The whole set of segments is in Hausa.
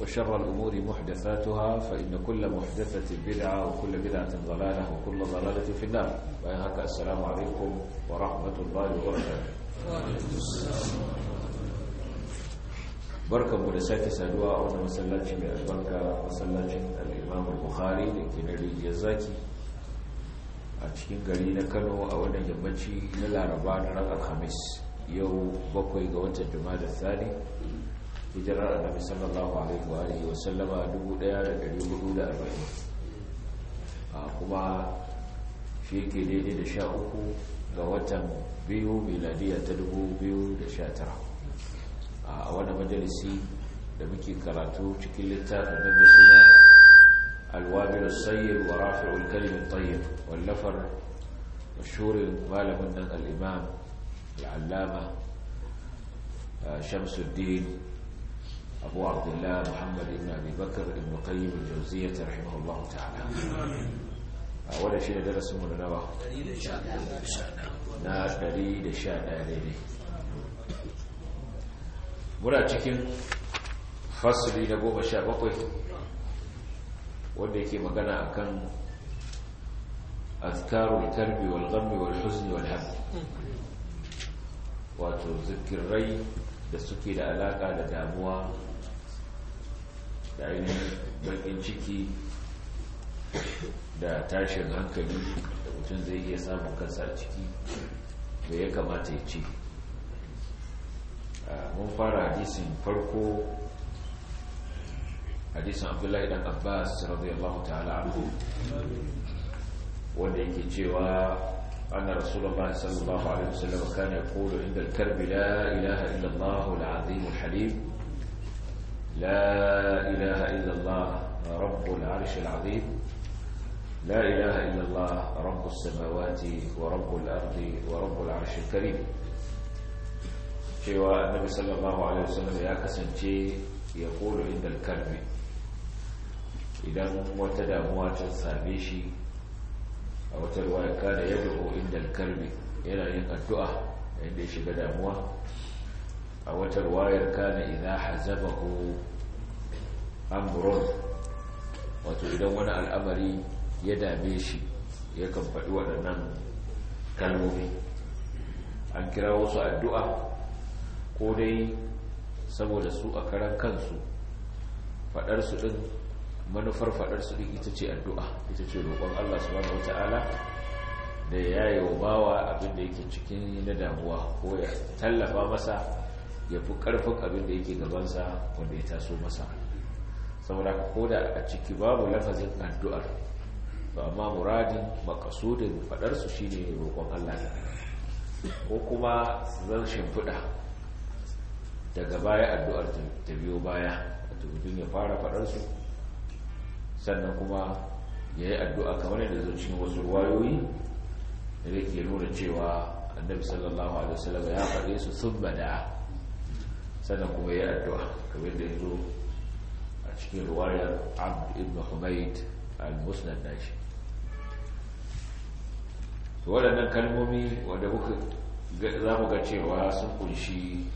وشر الأمور محدثاتها فإن كل محدثة بدعة وكل بدعة ضلالة وكل ضلالة في النار وإنهاك السلام عليكم ورحمة الله وبركاته barkan mu da sake saduwa a wani masallaci mai albarka masallacin al'imam al-bukhari da ke na zaki a cikin gari na kano a wani yammaci na laraba na ran yau bakwai ga watan juma da tsari hijirar annabi sallallahu alaihi wa alihi wa sallama 1440 kuma shi ke daidai da sha uku ga watan biyu miladiya ta 2019 a wani majalisi da muke karatu cikin littafin da mai suna alwabiru sayyid wa rafi'ul kalimin tayyib wallafar mashurin malamin nan al'imam al'allama eh, shamsuddin أبو عبد الله محمد بن أبي بكر بن قيم الجوزية رحمه الله تعالى ولا شيء درس من نبا na ɗari da sha ɗaya daidai muna cikin fasili na goma sha bakwai wanda yake magana a kan azkarul karbi wal gami wal wato zikirai da suke da alaƙa da damuwa da ainihin bakin ciki da tashin hankali da mutum zai iya samun kansa ciki da ya kamata ya ce ah, mun fara hadisin farko hadisin abdullahi dan abbas radiyallahu ta'ala anhu wanda yake cewa anna rasulullah sallallahu alaihi wasallam kana yaqulu inda al-karbi la ilaha illa allah al-azim al-halim لا إله إلا الله رب العرش العظيم لا إله إلا الله رب السماوات ورب الأرض ورب العرش الكريم شوى النبي صلى الله عليه وسلم يا كسن شيء يقول عند الكلب إذا متدى موات الثابيشي أو تلوى كان يدعو عند الكلب إلى أن يقدعه عند شبدا موات a wata wayar kana idza hazabahu amrun wato idan wani al'amari ya dame shi ya kan faɗi waɗannan kalmomi an kira wasu addu'a ko dai saboda su a karan kansu faɗarsu ɗin manufar faɗarsu ɗin ita ce addu'a ita ce roƙon Allah subhanahu wata'ala da ya yi wa bawa abinda yake cikin na damuwa ko ya tallafa masa ya fi karfin abin da yake gabansa wanda ya taso masa saboda ko da a ciki babu lafazin addu'ar ba amma muradin makasudin fadarsu ne roƙon Allah ko kuma zan shimfiɗa daga baya addu'ar ta biyo baya wato mutum ya fara fadarsu sannan kuma ya yi addu'a kamar yadda zuci wasu ruwayoyi da ke nuna cewa annabi sallallahu alaihi wasallam ya faɗe su sun bada sannan kuma ya addu'a kamar da ya zo a cikin ruwayar abd ibn humaid al-musnad nashi waɗannan kalmomi wanda za mu ga cewa sun kunshi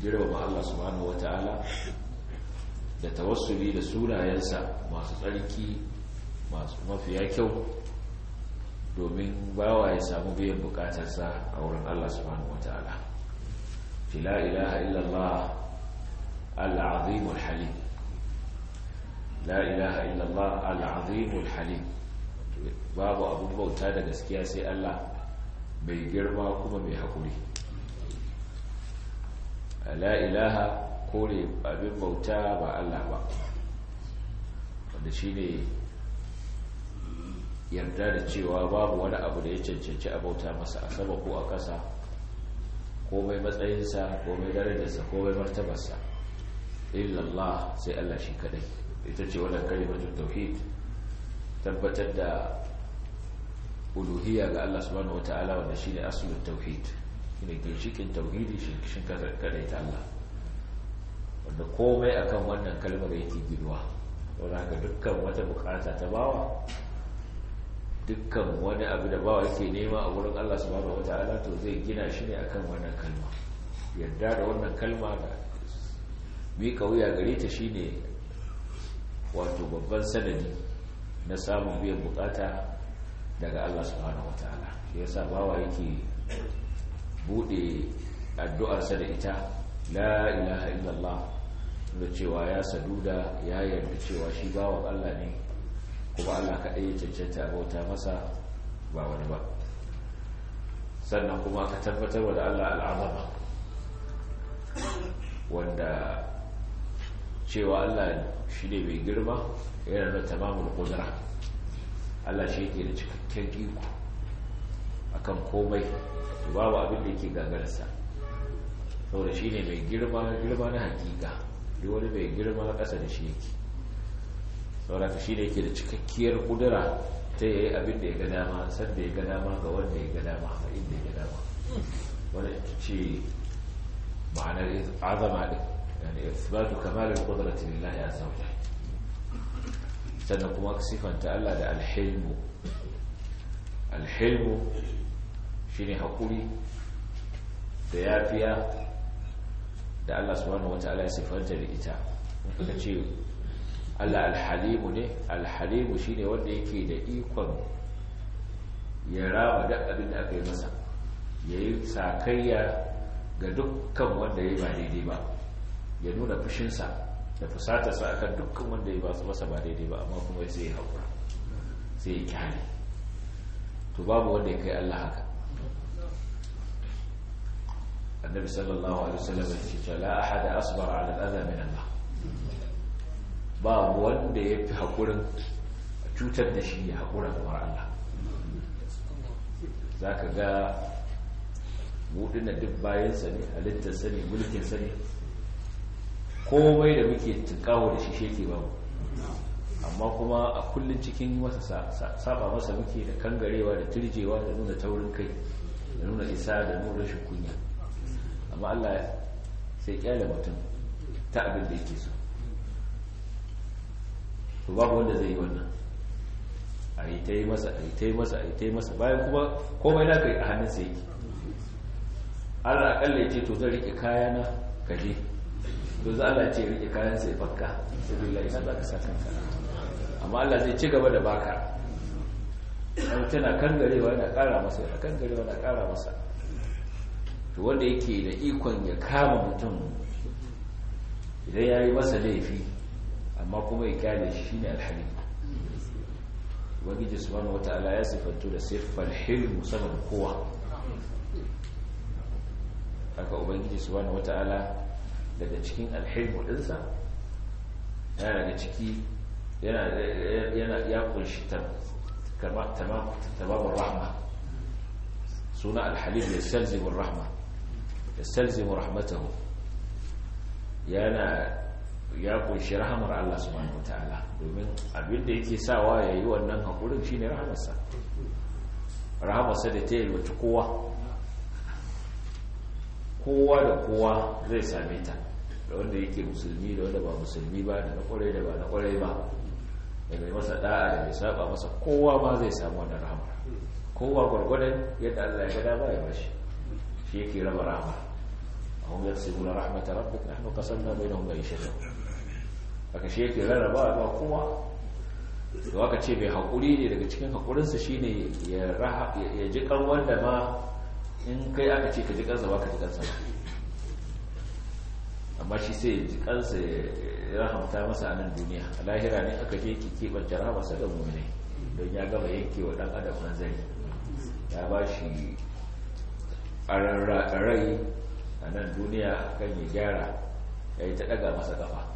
girmama Allah subhanahu ta’ala da tawassuli da sunayensa masu tsarki masu mafiya kyau domin bawa ya samu biyan bukatarsa a wurin Allah subhanahu ta’ala ce la ilaha illallah al-azim la ilaha illallah al-azim babu abun bauta da gaskiya sai Allah mai girma kuma mai hakuri la ilaha kore abin bauta ba Allah ba wanda shine yarda da cewa babu wani abu da ya cancanci a bauta masa a sama ko a ƙasa komai matsayinsa komai darajarsa komai martabarsa illallah sai Allah shi kadai ita ce wannan kalimatun tauhid tabbatar da uluhiyya ga Allah subhanahu wataala wanda shine aslul tauhid shine ginshikin tauhidi shin kadai ta Allah wanda komai akan wannan kalmar yake ginuwa don haka dukkan wata bukata ta bawa dukkan wani abu da bawa yake nema a wurin Allah subhanahu wataala to zai gina shi ne akan wannan kalma Yadda da wannan kalma da mika wuya gare ta shine wato babban sanadi na samun biyan bukata daga Allah subhanahu wataala shi yasa bawa yake bude sa da ita la ilaha illallah da cewa ya saduda ya yarda cewa shi bawa Allah ne kuma Allah kaɗai ya cancanta bauta masa ba wani ba sannan kuma ka tabbatar da Allah al'azama wanda cewa Allah shi ne mai girma yana da tamamun kudura Allah shi ke da cikakken iko akan komai babu abin da yake gagarsa saboda shi ne mai girma girma na hakika duk wani mai girma na ƙasa da shi yake sauraka shi ne yake da cikakkiyar kudura ta yi abin da ya ga dama san da ya ga dama ga wanda ya ga dama a inda ya ga dama wanda ce ma'anar azama din yani da kamalul ta lillahi azza wa sannan kuma sifanta Allah da alhilmu alhilmu shine hakuri da yafiya da Allah subhanahu ya sifanta da ita kaga ce Allah alhalimu ne alhalimu shine wanda yake da ikon ya rama duk abin da aka yi masa ya yi sakayya ga dukkan wanda ya yi ba daidai ba ya nuna fushinsa da fusatarsa akan dukkan wanda ya ba su masa ba daidai ba amma kuma sai ya haƙura sai ya kyale to babu wanda ya kai Allah haka annabi sallallahu alaihi wasallam ya ce la ahada asbara ala al min Allah ba wanda ya fi haƙurin cutar da shi ya haƙura kamar Allah za ka ga buɗina duk bayansa ne halittarsa ne mulkinsa ne komai da muke tukawo da shi sheke ba amma kuma a kullum cikin wasa saba masa muke da kangarewa da turjewa da nuna taurin kai da nuna isa da nuna rashin kunya amma Allah sai kyale mutum ta abin da yake so to babu wanda zai yi wannan a yi ta yi masa a yi ta yi masa a yi ta yi masa bayan kuma komai na kai a hannun sai yake Allah akalla ya ce to zai rike kaya na kaje to za a ce rike kayan sai fakka sabillahi sai za ka sa kanka amma Allah zai ci gaba da baka an tana garewa yana ƙara masa yana garewa yana ƙara masa to wanda yake da ikon ya kama mutum idan ya yi masa laifi amma kuma ya kyale shi ne shine alhalim ubangiji subhanahu wataala ya sifantu da siffar hilmu saman kowa haka ubangiji subhanahu wataala daga cikin alhilmu dinsa yana daga ciki yana ya kunshi tamamin rahma suna alhalim ya salzimin rahma ya salzimin rahmatahu yana ya kunshi rahamar Allah subhanahu wataala domin abinda yake sawa yi wannan shi shine rahamarsa rahamarsa da ta yi wata kowa kowa da kowa zai same ta da wanda yake musulmi da wanda ba musulmi ba da na kwarai da ba na kwarai ba da mai masa da'a da mai saba masa kowa ma zai samu wannan rahama kowa gwargwadon yadda Allah ya gada ba ya bashi shi yake raba rahama a na hannu kasar na bai nahnu qasamna ishe ta. aka shi yake rarraba ba kowa da waka ce mai haƙuri ne daga cikin haƙurinsa shi ne ya ji wanda ma in kai aka ce ka ji ƙansa ba ka ji ba, amma shi sai ji ƙansa ya rahamta masa a nan duniya a lahira ne aka je ki keɓar masa da mummune don ya gama yanke wa ɗan adam manzari ya ba shi a rai a nan duniya kan ya gyara ya yi ta ɗaga masa ƙafa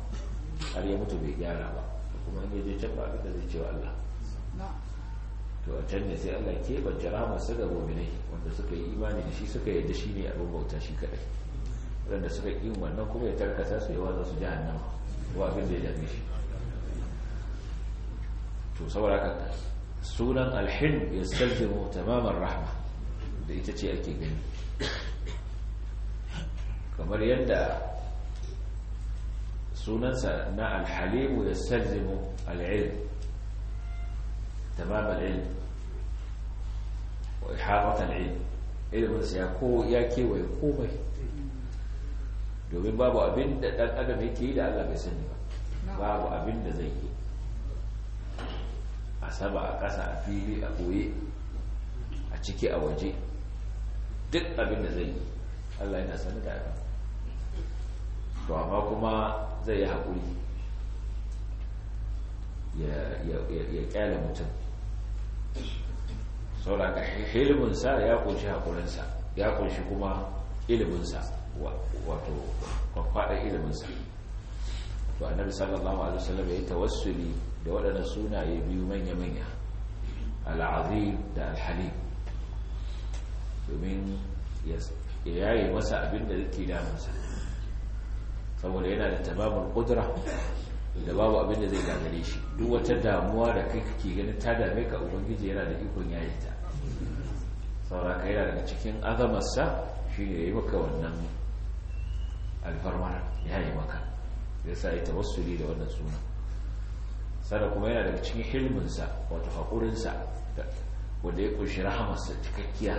har ya mutu bai gyara ba kuma in yaje can ba abin da zai ce wa Allah to a can ne sai Allah ke bance rahama su ga mu'minai wanda suka yi imani da shi suka yarda shi ne abin bauta shi kadai wanda suka yi wannan kuma ya tarkata su yawa za su jahannama ko abin da ya dame shi to saboda haka sunan alhin ya salzimu tamamar rahama da ita ce ake gani kamar yadda sunansa na alhalimu ya salzimu al'ilm ba al'ilm wa ihabat al'ilm ilminsa ya kewaye komai domin babu abin da ɗan adam yake yi da Allah bai sani ba babu abin da zai yi a saba a ƙasa a fili a ɓoye a ciki a waje duk abin da zai yi Allah yana sani da abin to amma kuma zai yi haƙuri ya ƙyale mutum sauraka iliminsa ya kunshi haƙurinsa ya kunshi kuma iliminsa wato kwakwaɗar iliminsa to annabi sallallahu alaihi wasallam ya tawassuli da waɗannan sunaye biyu manya-manya al'azim da alhalim domin ya yaye masa abin da yake damunsa saboda yana da tamamul kudura, da babu abin da zai gagare shi duk wata damuwa da kai kake ganin ta dame ka ubangiji yana da ikon yayi ta saboda ka yana daga cikin azamarsa shi ne ya yi maka wannan alfarmar yi maka ya sa ya tawassuli da wannan suna sannan kuma yana daga cikin hilminsa wato haƙurinsa wanda ya ƙunshi rahamarsa cikakkiya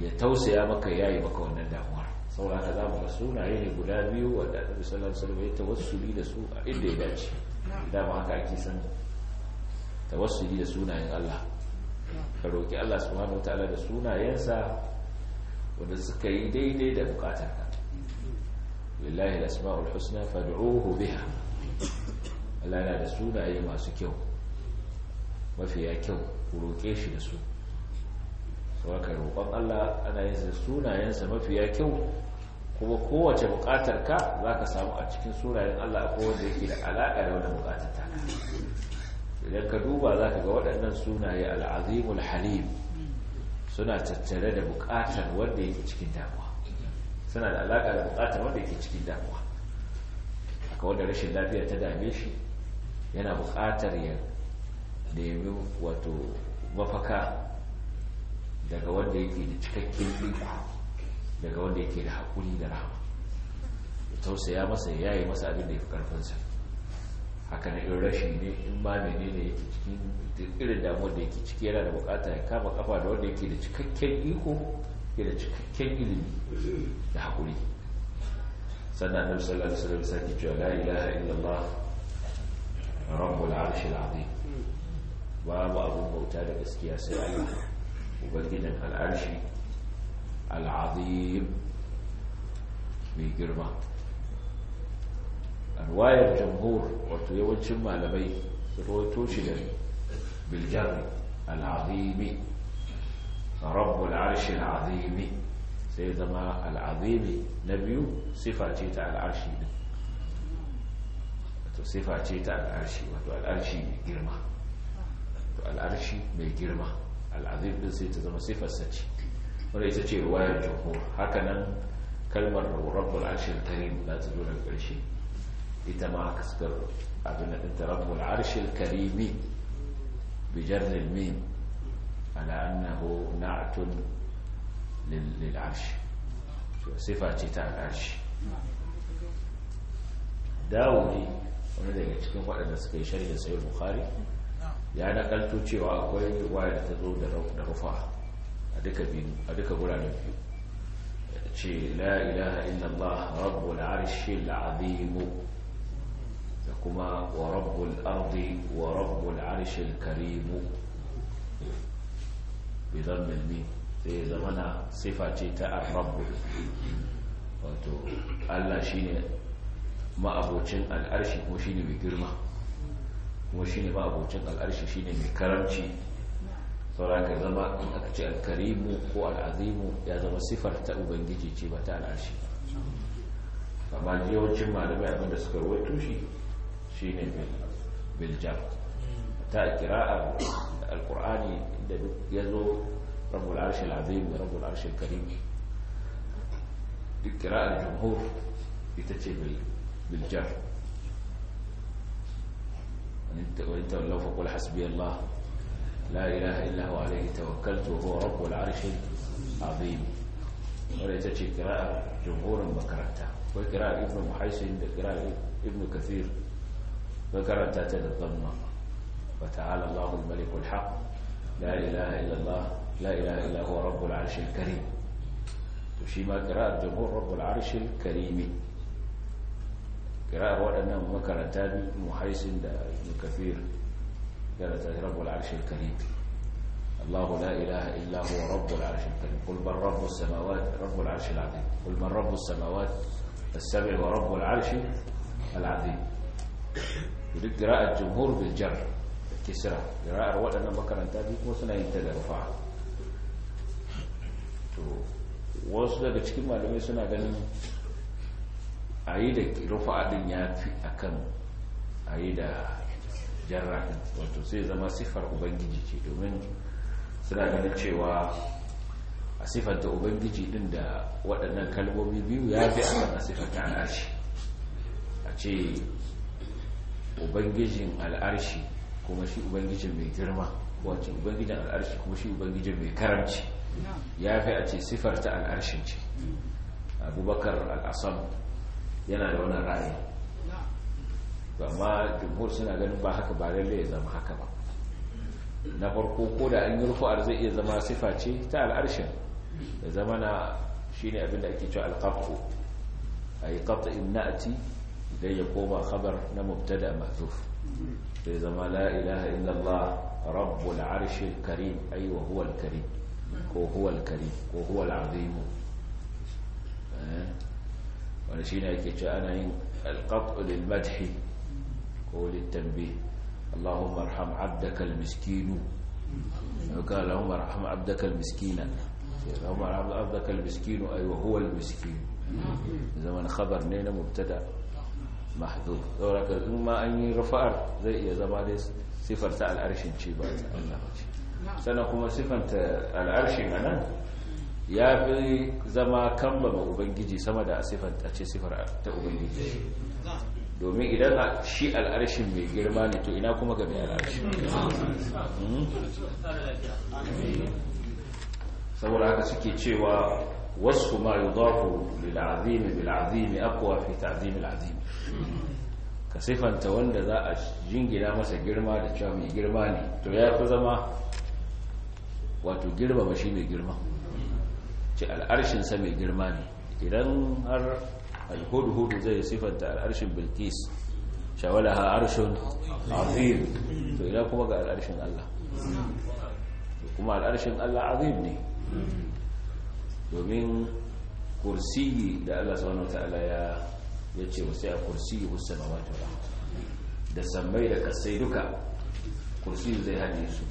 ya tausaya maka ya yi maka wannan damuwar sauraka za mu ga sunaye ne guda biyu wadda annabi sallallahu alaihi wasallam ya tawassuli da su a inda ya dace da aka haka ake san tawassuli da sunayen Allah ka roƙi Allah hannu ta'ala da sunayensa wanda suka yi daidai da ka lillahi al-asma'ul husna fadu'uhu biha Allah yana da sunaye masu kyau mafiya kyau ku roke shi da su waka roƙon Allah ana yin sunayensa mafiya kyau kuma kowace buƙatar ka za ka samu a cikin sunayen Allah a kowace yake da alaƙa da wani buƙatar ta idan ka duba za ka ga waɗannan sunaye al'azimul halim suna tattare da buƙatar wanda yake cikin damuwa suna da alaƙa da buƙatar wanda yake cikin damuwa a kawar da rashin lafiya ta dame shi yana buƙatar ya nemi wato mafaka daga wanda yake da cikakken fiƙa daga wanda yake da haƙuri da rahama ya tausaya masa ya yi masa abin da ya fi ƙarfinsa haka na in rashi ne in ba mene ne yake cikin irin damuwar da yake ciki yana da bukata ya kama kafa da wanda yake da cikakken iko ke da cikakken ilimi da haƙuri sannan annabi sallallahu alaihi wasallam sai cewa la ilaha illallah rabbul arshil azim babu abun bauta da gaskiya sai Allah ubangijin al'arshi al'azim mai girma anwayar jamhur wato yawancin malamai rawaito shi da biljari al'azimi rabu arshi al'azimi sai zama al'azimi na biyu sifa ce ta al'arshi din wato sifa ce ta al'arshi wato al'arshi mai girma al'arshi mai girma al'azim din sai ta zama sifarsa ce wadda ita ce ruwayar jumhur hakanan kalmar rabbul arshil karim za ta zo daga ƙarshe ita ma haka suka abin da ɗinta rabbul arshil karimi bijar lilmin ala annahu na'atun lil arshi sifa ce ta al'arshi dawudi wani daga cikin waɗanda suka yi shari'a sayar bukhari ya nakalto cewa akwai riwaya da ta zo da rufa a duka biyu a biyu ce la ilaha illallah rabbul arshil azim da kuma wa rabbul ardi wa rabbul arshil karim bi dhammil mim sai zamana sifa ce ta ar-rabb wato Allah shine ma'abocin al'arshi ko shine mai girma kuma shine ma abocin al'arshi shine mai karamci saura ka zama in aka ce alkarimu ko al'azimu ya zama sifar ta ubangiji ce ba ta al'ashi. amma yawancin malamai abinda suka ruwaito shi shine biljam ta kira'a alkur'ani da ya zo rabbul arshil Al'azimu da rabbul arshil karim duk kira'ar jumhur ita ce biljam وإن تولوا فقل حسبي الله لا إله إلا هو عليه توكلت وهو رب العرش العظيم وليتشي قراءة جمهور مكرتها وقراءة ابن محيسن قراءة ابن كثير وقراءة تتضمى وتعالى الله الملك الحق لا إله إلا الله لا إله إلا هو رب العرش الكريم تشيما قراءة جمهور رب العرش الكريم kira'ar waɗannan makaranta muhaisin da kafir yana ta rabbul arshil karim الله لا إله إلا هو رب العرش الكريم قل من رب السماوات رب العرش العظيم قل من رب السماوات السبع ورب العرش العظيم يريد قراءة الجمهور بالجر كسرة قراءة رواد أنا بكر أنت أبيك وصنا ينتدى رفعه wasu daga cikin malamai a yi da rufa'a din ya fi a kan a yi da jarra wato sai zama siffar ubangiji ce domin suna ganin cewa a siffar da ubangiji din da waɗannan kalmomi biyu ya fi a a siffar ta al'arshi a ce ubangijin al'arshi kuma shi ubangijin mai girma wace ubangijin al'arshi kuma shi ubangijin mai karamci ya fi a ce siffar ta al'arshin ce abubakar al'asar yana da wannan ra'ayi amma jumhur suna ganin ba haka ba lalle ya zama haka ba na farko ko da an yi rufu'ar zai iya zama sifa ce ta al'arshin da zama na shi ne abinda ake cewa alƙabto a yi ƙabta in na'ati idan ya koma khabar na mubtada mahzuf sai zama la ilaha illallah rabbul arshil karim ai wa huwal karim ko huwal karim ko huwal azimu eh? ونسينا كتانا القطع للمدح وللتنبيه اللهم ارحم عبدك المسكين وقال اللهم ارحم عبدك المسكين اللهم ارحم عبدك المسكين اي أيوة وهو المسكين زمن خبر نينا مبتدا محذوف دورك اما اني رفعت زي يا زبادي صفر تاع العرش شي بعد الله سنه كما صفه العرش انا ya fi zama kambama ubangiji sama da a ce sifar ta ubangiji domin idan shi al'arshin mai girma ne to ina kuma ga mai al'arshin hmm? saboda haka suke cewa wasu ma yi zaku lil'azimi bil'azimi akwa fi ta'zimi al'azimi ka sifanta wanda za a jingina masa girma da cewa mai girma ne to ya fi zama wato girma ba shi mai girma ce al'arshinsa mai girma ne idan har alhudu-hudu zai sifanta al'arshin bilkis shawala ha arshin azim to idan kuma ga al'arshin Allah kuma al'arshin Allah azim ne domin kursiyi da Allah subhanahu ta'ala ya ya ce wasu ya kursiyi wasu samawati wa da sammai da kasai duka kursiyi zai hane su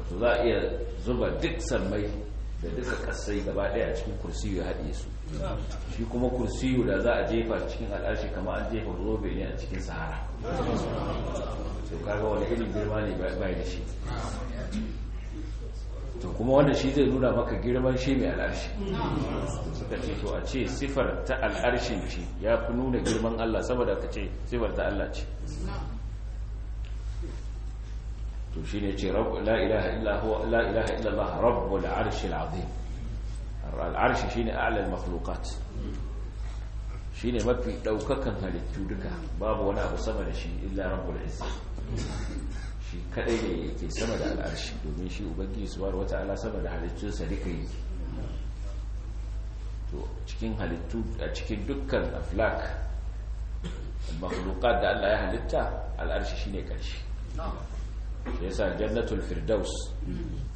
wato za a iya zuba duk sammai da duka kasai gaba daya a cikin kursi ya haɗe su shi kuma kursiyu da za a jefa cikin al'arshi kamar an jefa robe ne a cikin sahara to kaga wani irin girma ne bai da shi to kuma wanda shi zai nuna maka girman shi mai al'arshi suka ce to a ce sifar ta al'arshin ce ya fi nuna girman Allah saboda ka ce sifar ta Allah ce to shi ne ce la ilaha illallah rabbul arshil azim al'arshi shi ne alal makhlukat shi ne mafi ɗaukakan halittu duka babu wani abu sama da shi illa rabbul izza shi kadai ne yake sama da al'arshi domin shi ubangiji subhanahu wata'ala sama da halittunsa duka yake to cikin halittu a cikin dukkan aflak makhlukat da Allah ya halitta al'arshi shine karshe ya sa jannatul firdaus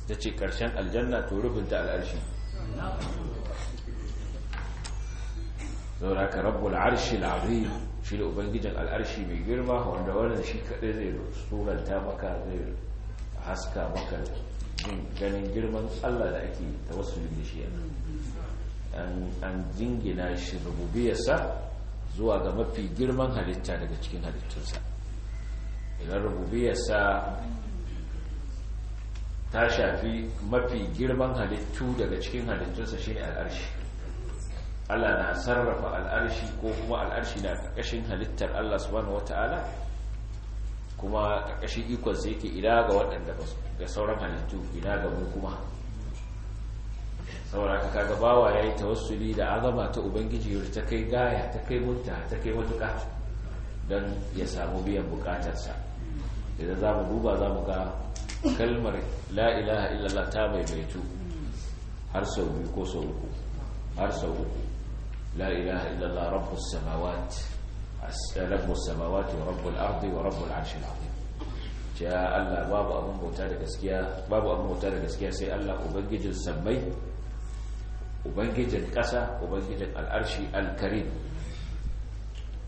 ta ce ƙarshen aljanna to rubinta al'arshi zaura ka rabbul arshi al'azim shi da ubangijin al'arshi mai girma wanda wannan shi kaɗai zai tsoranta maka zai haska maka ganin girman allah da ake tawassulin da shi an jingina shi rububiyarsa zuwa ga mafi girman halitta daga cikin halittunsa idan rububiyarsa ta shafi mafi girman halittu daga cikin halittunsa shine al'arshi Allah na sarrafa al'arshi ko kuma al'arshi na ƙarƙashin halittar Allah subhanahu ta'ala) kuma ƙarƙashin ikon sai yake ina ga waɗanda ga sauran halittu ina ga mu kuma saboda ka kaga bawa yayi tawassuli da azama ta ubangiji ta kai gaya ta kai munta ta kai matuƙa don ya samu biyan bukatarsa idan za mu duba za mu ga kalmar la ilaha illallah ta maimaitu har sau biyu ko sau uku har sau uku la ilaha illallah rabbus samawati rabbus samawati wa rabbul ardi wa rabbul arshil azim ya Allah babu abun bauta da gaskiya babu abun bauta da gaskiya sai Allah ubangijin sammai ubangijin ƙasa ubangijin al'arshi alkarim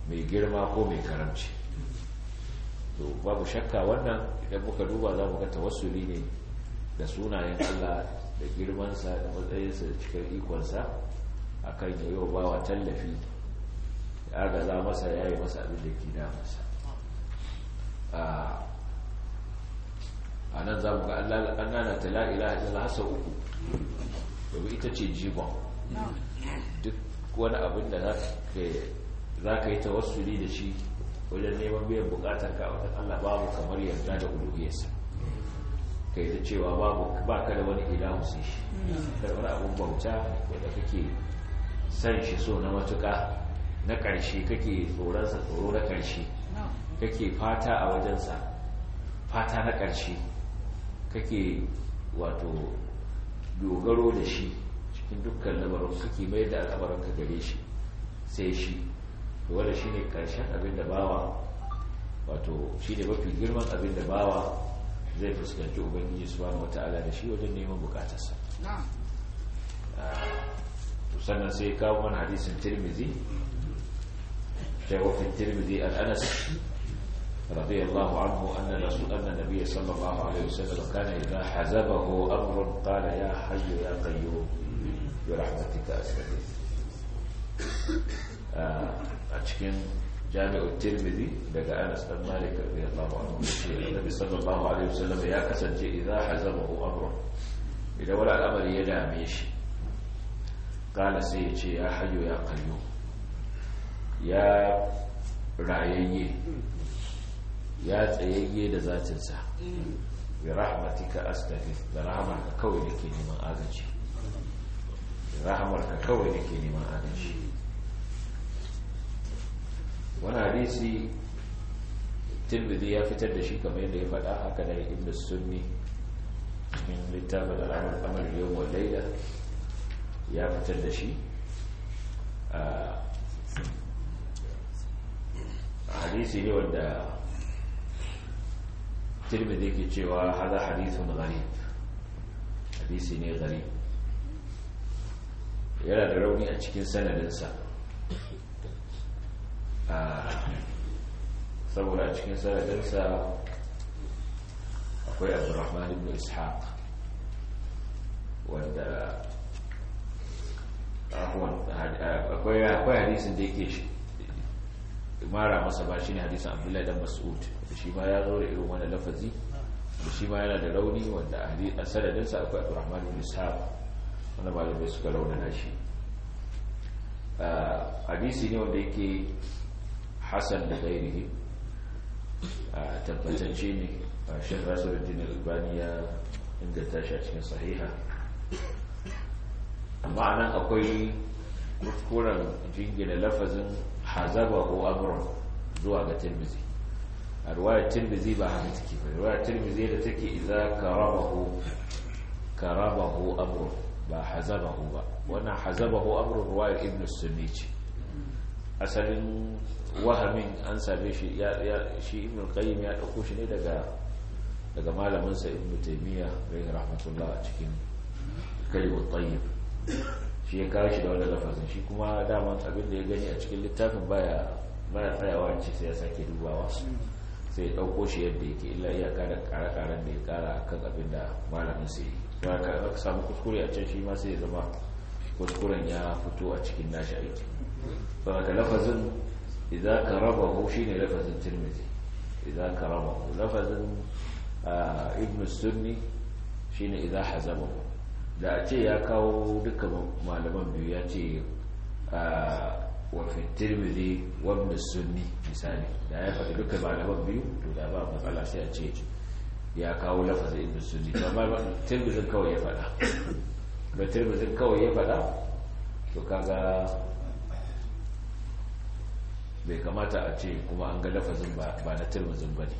mai girma ko mai karamci to babu shakka wannan idan muka duba za mu ga tawassuli ne da sunayen Allah da girmansa da matsayinsa da cikin ikonsa a kan yi yau bawa tallafi ya ga za masa ya yi masa abin da ke damarsa a nan za mu ga an nana ta la'ila a hasa uku domin ita ce jibon duk wani abin da za ka yi ta wasuli da shi wajen neman biyan bukatar ka wajen Allah babu kamar yarda da uluhiyarsa kai da cewa babu ba ka da wani ila musu shi da wani abun bauta wanda kake san shi so na matuka na ƙarshe kake tsoronsa tsoro na ƙarshe kake fata a wajensa fata na karshe kake wato dogaro da shi cikin dukkan lamarin kake mai da al'amarin ka gare shi sai shi wanda shine karshen abin da bawa wato shine mafi girman abin da bawa zai fuskanci ubangiji subhanahu wataala da shi wajen neman bukatarsa sannan sai kawo mana hadisin tirmidhi جاء في الترمذي عن انس رضي الله عنه ان رسول ان النبي صلى الله عليه وسلم كان اذا حزبه امر قال يا حي يا قيوم برحمتك استغيث a cikin jami'ar tirmidhi daga anas dan malik radiyallahu anhu shi annabi sallallahu alaihi wasallam ya kasance idza hazamahu amru idan wani al'amari ya dame shi kana sai ya ce ya hayyu ya qayyum ya rayayye ya tsayayye da zatinsa bi rahmatika astaghfir da rahmarka kawai nake neman agaji rahmarka kawai nake neman agaji wani hadisi tirmidhi ya fitar da shi kamar yadda ya faɗa haka da ibn sunni cikin littafin alamar amur yau wa laila ya fitar da shi a hadisi ne wanda tirmidhi ke cewa hada hadisun gari hadisi ne gari yana da rauni a cikin sanadinsa saboda a cikin sanadinsa akwai abdurrahman ibn ishaq wanda akwai hadisin da yake shi mara masa ba shine hadisin abdullahi dan mas'ud da shi ma ya zo da irin wani lafazi da shi ma yana da rauni wanda a sanadinsa akwai abdurrahman ibn ishaq wanda malamai suka raunana shi hadisi ne wanda yake Hassan da gairihi tabbatacce ne shin nasiruddin albani ya inganta shi a cikin sahiha amma nan akwai kuskuren jingina lafazin hazaba ko amuran zuwa ga tirmizi a ruwayar tirmizi ba haka take ba ruwayar tirmizi da take iza karabahu karabahu amrun ba hazabahu ba wannan hazabahu amrun ruwayar ibn sunni ce asalin wahamin an same shi shi ibn qayyim ya dauko shi ne daga daga malamin sa ibn taymiya bayin rahmatullah a cikin kalimat tayyib shi ya kawo shi da wannan lafazin shi kuma daman abin da ya gani a cikin littafin baya baya tsayawa ce sai ya sake dubawa sai ya dauko shi yadda yake illa iyaka da karakaran da ya kara kan abin da malamin sa yi ba ka samu kuskure a can shi ma sai ya zama kuskuren ya fito a cikin nashi aiki ba ka lafazin idza karabahu shine lafazin tirmidhi idza karabahu lafazin ibn sunni shine idza hazabahu da a ce ya kawo duka malaman biyu ya ce wa fi tirmidhi sunni misali da ya faɗi duka malaman biyu to da ba matsala sai a ce ya kawo lafazin ibn sunni amma ba tirmidhin kawai ya faɗa ba tirmidhin kawai ya faɗa to kaga bai kamata a ce kuma an ga lafazin ba na tirmizin ba ne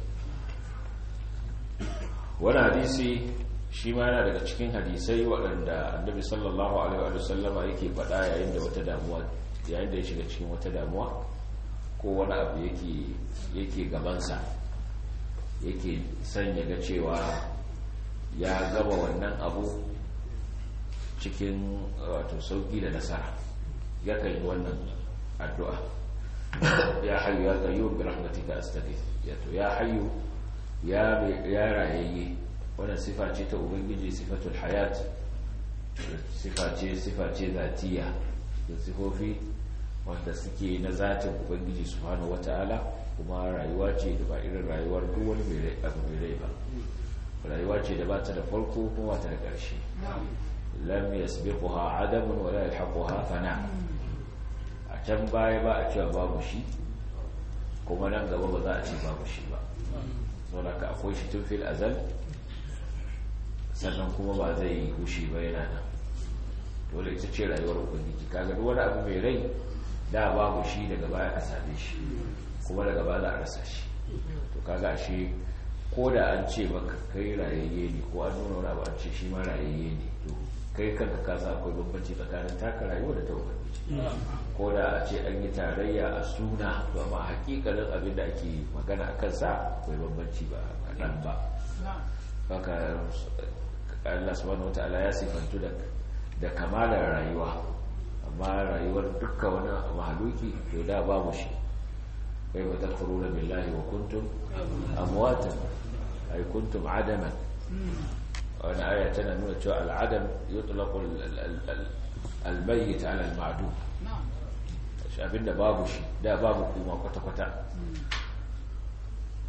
wani hadisi shi ma yana daga cikin hadisai waɗanda annabi sallallahu alaihi wa sallama yake faɗa yayin da wata damuwa yayin da ya shiga cikin wata damuwa ko wani abu yake gabansa yake sanya ga cewa ya gaba wannan abu cikin wato sauki da nasara yakan yi wannan addu'a ya حي يا قيوم برحمتك استغيث astaghith ya to ya يا rayayye wannan sifa ce ta ubangiji sifatul hayat sifa ce sifa zatiya da sifofi wanda suke na zatin ubangiji subhanahu wataala kuma rayuwa ce da ba irin rayuwar duk mai rai ba rayuwa ce da ba ta da farko kuma ta da ƙarshe lam yasbiquha adamun wa yalhaquha fana a can baya ba a cewa babu shi kuma nan gaba ba za a ce babu shi ba saboda akwai shi tun fil azal sannan kuma ba zai yi kushi ba yana nan dole ita ce rayuwar ubangiji kaga duk wani abu mai rai da babu shi daga baya a same shi kuma daga baya za a rasa shi to kaga shi ko da an ce baka kai rayayye ne ko an nuna wani abu an ce shi ma rayayye ne to kai kanka ka sa akwai bambanci tsakanin taka rayuwa da ta mm. ko da a ce an yi tarayya a suna to amma hakikalin abin da ake magana a kansa akwai bambanci ba a kaɗan ba haka Allah subhanahu wataala ya sifantu da da kamalar rayuwa amma rayuwar dukkan wani mahaluki to da babu shi kai wa na billahi wa kuntum amwatan ay kuntum adaman mm. wani aya tana nuna cewa al'adam yutlaqu al-mayyit ala al-ma'dum abin da babu shi da babu kuma kwata-kwata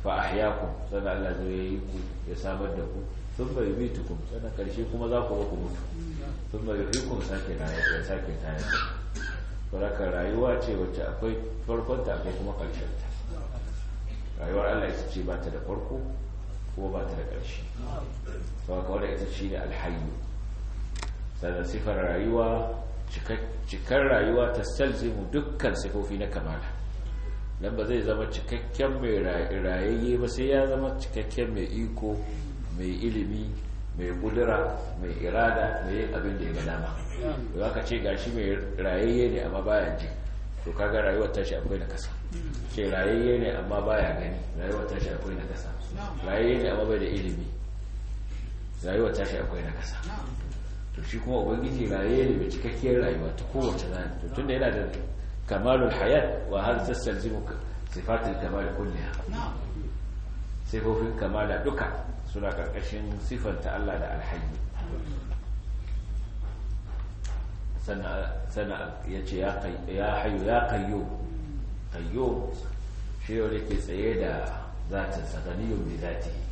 fa ahyakum sana Allah ya yi ku ya samar da ku sun bai bi ku, sana karshe kuma za ku ku mutu sun bai yi ku sake na ya sake ta ya baraka rayuwa ce wacce akwai farkon ta akwai kuma karshen ta rayuwar Allah ita ce ba ta da farko kuma ba ta da ƙarshe ba ka wadda ita shi ne alhayu sannan sifar rayuwa cikar rayuwa ta salzimu dukkan sifofi na kamala nan ba zai zama cikakken mai rayayye ba sai ya zama cikakken mai iko mai ilimi mai kudura mai irada mai yin abin da ya gana ba da ka ce gashi mai rayayye ne amma baya ji to kaga rayuwar tashi akwai na kasa ce rayayye ne amma baya gani rayuwar tashi akwai na kasa raye ne da ilimi rayuwa ta shi akwai nakasa to shi kuma ubangiji raye ne mai cikakkiyar rayuwa ta kowace rana to tunda yana da kamalul hayat wa har tastalzimuka sifatul kamal kulliha sifofin kamala duka suna karkashin ta Allah da alhayyi sana ya ce ya hayo ya kayo kayo shi yau da ke tsaye da zatinsa ganiyun bi zatihi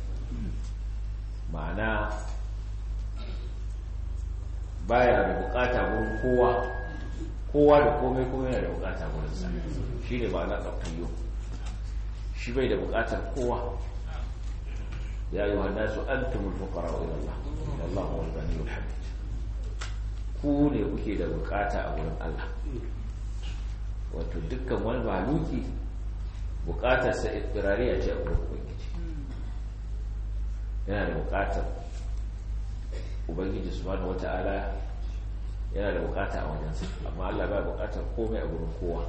ma'ana baya da bukata gurin kowa kowa da komai kuma yana da bukata gurin sa shi ne ma'ana ɗaƙiyo shi bai da bukatar kowa ya yi wanda su an tumul fukara wa ilallah Allah wa gani hamid ku ne kuke da bukata a wurin Allah wato dukkan wani maluki bukatarsa iftirariya ce a wurin ubangiji yana da bukatar ubangiji subhanahu wata'ala yana da bukata a wajensa amma Allah ba bukatar komai a gurin kowa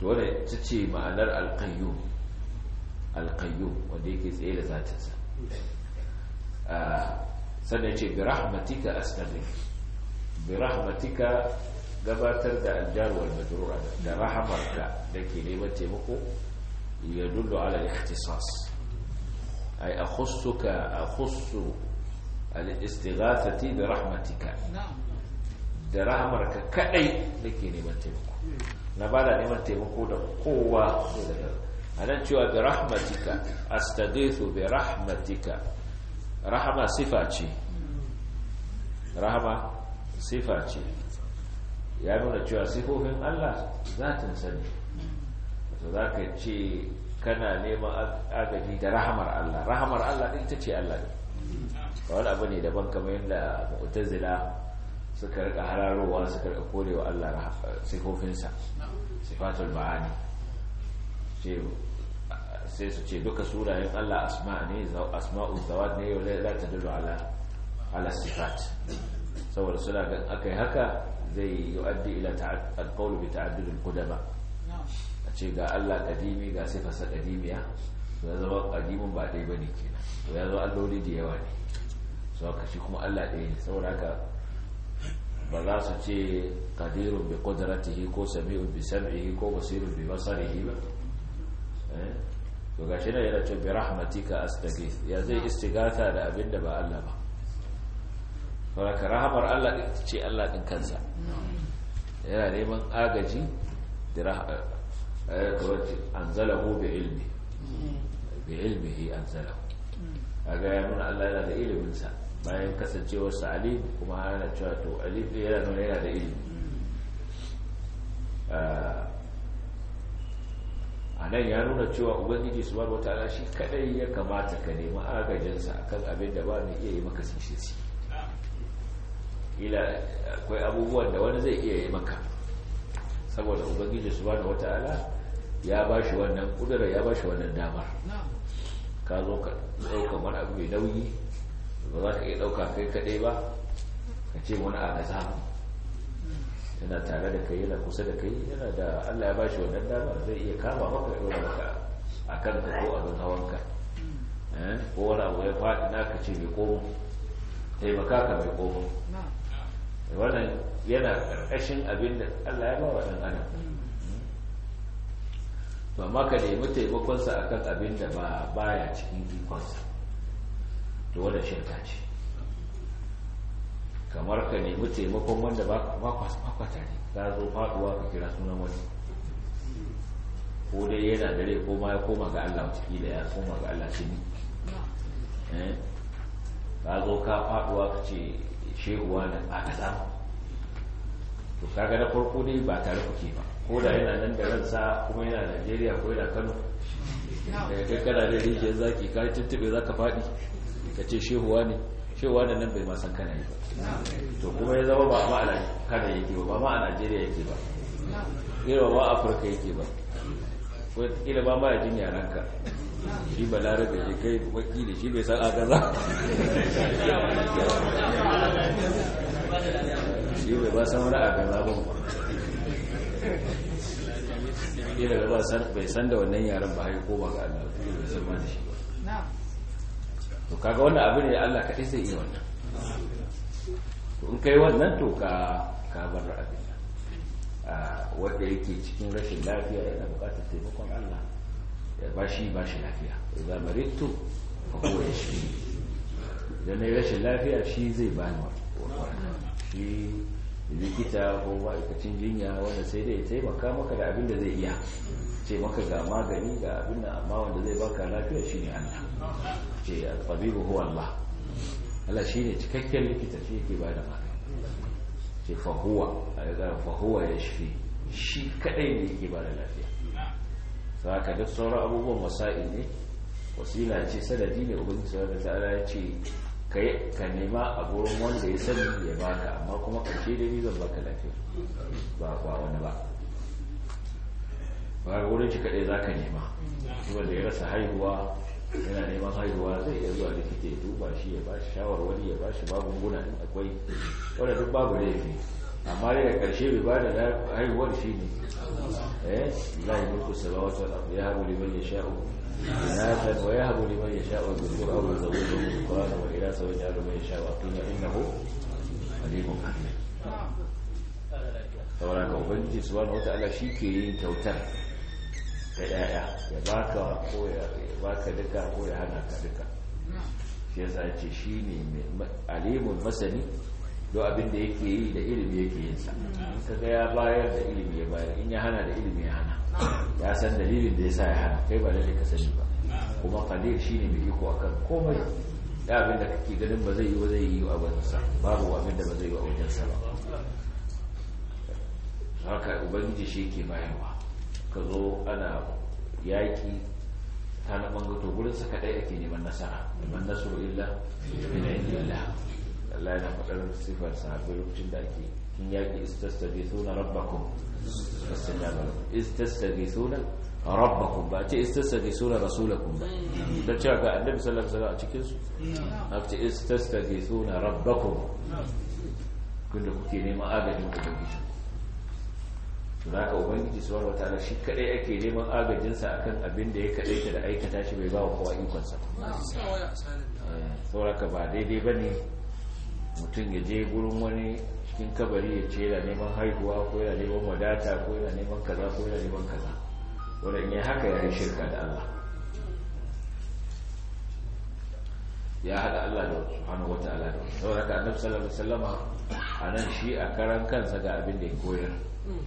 Dole ta ce ma'anar alkayu alkayu wanda yake tsaye da zatinsa ah, sannan ce bi rahmatika asnafin bi rahmatika gabatar da aljarwar majrura da rahamarka da dake neman taimako ya dullu ala ihtisas ay akhussuka akhussu al-istighathati bi rahmatika da ka kadai dake neman taimako na bada neman taimako da kowa a cewa bi rahmatika astadithu bi rahmatika rahama sifa ce rahama sifa ce ya nuna cewa sifofin Allah za ta sani to za ka ce kana neman agaji da rahamar Allah rahamar Allah ɗin ta ce Allah ne ba wani abu ne daban kama yadda mu'tazila suka rika hararowa suka rika korewa Allah sifofinsa sifatul ma'ani sai su ce duka sunayen Allah asma ne asma'u zawad ne yau la ta ala ala sifat saboda suna ga yi haka zai yu'addi ila al-qawl bi ta'addud al a ce ga Allah kadimi ga sifarsa kadimiya to ya zama kadimin ba dai bane kenan to ya zo alloli da yawa ne so ka shi kuma Allah ɗaya ne saboda haka ba za su ce qadirun bi qudratihi ko sami'un bi sam'ihi ko basirun bi basarihi ba eh? to gashi nan yana cewa bi rahmatika astaghith ya zai istighatha da abinda ba Allah ba saboda rahamar Allah ce Allah din kansa yana neman agaji eh, eh, anzalahu bi ilmi bi ilmihi a hmm. ga ya nuna Allah yana da iliminsa bayan kasancewarsa alim kuma yana cewa to alim yana nuna yana da ilimi hmm. ah, a nan ya nuna cewa ubangiji su bar wata shi kadai ya kamata ka nemi agajinsa akan abin da ba mai iya yi maka shi ila akwai abubuwan da wani zai iya yi maka saboda ubangiji subhanahu wata'ala ya bashi wannan kudura ya bashi wannan damar ka zo ka ɗauka wani abu mai nauyi ba za ka iya ɗauka kai kaɗai ba ka ce wani a gaza yana tare da kai yana kusa da kai yana da allah ya bashi wannan damar zai iya kama maka ya ɗora maka a ka ko abin hawanka eh, ko wani abu ya faɗi na ka ce mai komo taimaka ka mai komo wannan yana ƙarƙashin abin da Allah ya ba wa ɗan adam ba ma ka nemi taimakonsa a kan abin da ba baya cikin ikonsa to wadda ta ce kamar ka nemi taimakon wanda ba kwata ne ka zo faɗuwa ka kira sunan wani ko dai yana dare ko ma ya koma ga Allah ciki da ya koma ga Allah shi ne eh? ka zo ka faɗuwa ka ce shehuwa na aka samu to kaga na farko dai ba tare kuke ba ko da yana nan da ransa kuma yana najeriya ko yana kano daga kai kana da rijiyar zaki ka tuntube za ka faɗi ka ce shehuwa ne shehuwa da nan bai ma san kana yi ba to kuma ya zama ba ma a kana yake ba ba ma a najeriya yake ba ila ba afirka yake ba ila ba ma a jin yaranka shi balarabe ne kai baki da shi bai san a kaza shi bai ba san wani a kaza ba ba kira da bai san da wannan yaren ba haiku ba ga Allah ko bai san ma da shi ba to kaga wannan abu ne Allah ka zai iya wannan to in kai wannan to ka ka bar abin ah, wanda yake cikin rashin lafiya yana bukatar taimakon Allah ya bashi bashi lafiya idza maridtu fa huwa yashfi idan ne rashin lafiya shi zai likita ko ma'aikacin jinya wanda sai dai taimaka maka da abin da zai iya ce maka ga magani ga abin da amma wanda zai baka lafiya shi ne Allah ce al-tabibu Allah Allah shi ne cikakken likita shi yake bada magani ce fahuwa huwa fa huwa shi kadai ne yake da lafiya za ka duk sauran abubuwan wasa'i ne wasila ce sadadi ne ubin sauran da ta'ala ya ce ka nema a gurin wanda ya sani ya baka amma kuma ƙarshe da ni baka lafiya ba kwa wani ba ba ga wurin shi kaɗai za ka nema wanda ya rasa haihuwa yana neman haihuwa zai iya zuwa likita ya duba shi ya ba shawarwari ya ba shi babu guna akwai wanda duk babu laifi amma daga karshe bai ba da haihuwar shi ne eh lillahi mulku samawati wal ardi yahabu liman yasha'u inathan wa yahabu liman yasha'u dhukur aw yuzawwijuhu dhukrana wa inatha wa yaj'alu man yasha'u aqima innahu alimun hakim saboda ka ubangiji subhanahu wata'ala shi ke yin kyautar ga yaya ya baka ko ya baka duka ko ya hana ka duka shi yasa ya ce shi ne alimun masani do abin da yake yi da ilimi yake yin sa kaga ya bayar da ilimi ya bayar in ya hana da ilimi ya hana ya san dalilin da ya sa ya hana kai ba lalle ka sani ba kuma qadir shine mai iko akan komai da abin da kake ganin ba zai yi ba zai yi a sa babu abin da ba zai yi a sa ba haka ubangiji shi ke bayarwa ka zo ana yaki ta na ɓangato gurinsa kaɗai ake neman nasara neman nasaru illa illa. Allah yana faɗar sifar sahabbai lokacin da ake kin yaƙi istastaghithuna rabbakum fastajaba lakum istastaghithuna rabbakum ba ce istastaghithuna rasulakum ba da cewa ga annabi sallallahu alaihi wasallam a cikin su haka ce istastaghithuna rabbakum da kuke neman agajin ubangiji to haka ubangiji subhanahu wataala shi kadai ake neman agajinsa akan abin da ya kadai da aikata shi bai ba wa ba ikonsa eh, saboda ba daidai bane mutum ya je gurin wani cikin kabari ya ce yana neman haihuwa ko yana neman wadata ko yana neman kaza ko yana neman kaza wanda in yi haka ya yi shirka da Allah ya haɗa Allah da wata ala da saboda haka annabi sallallahu alaihi wasallama a nan shi a karan kansa ga abin da ya koyar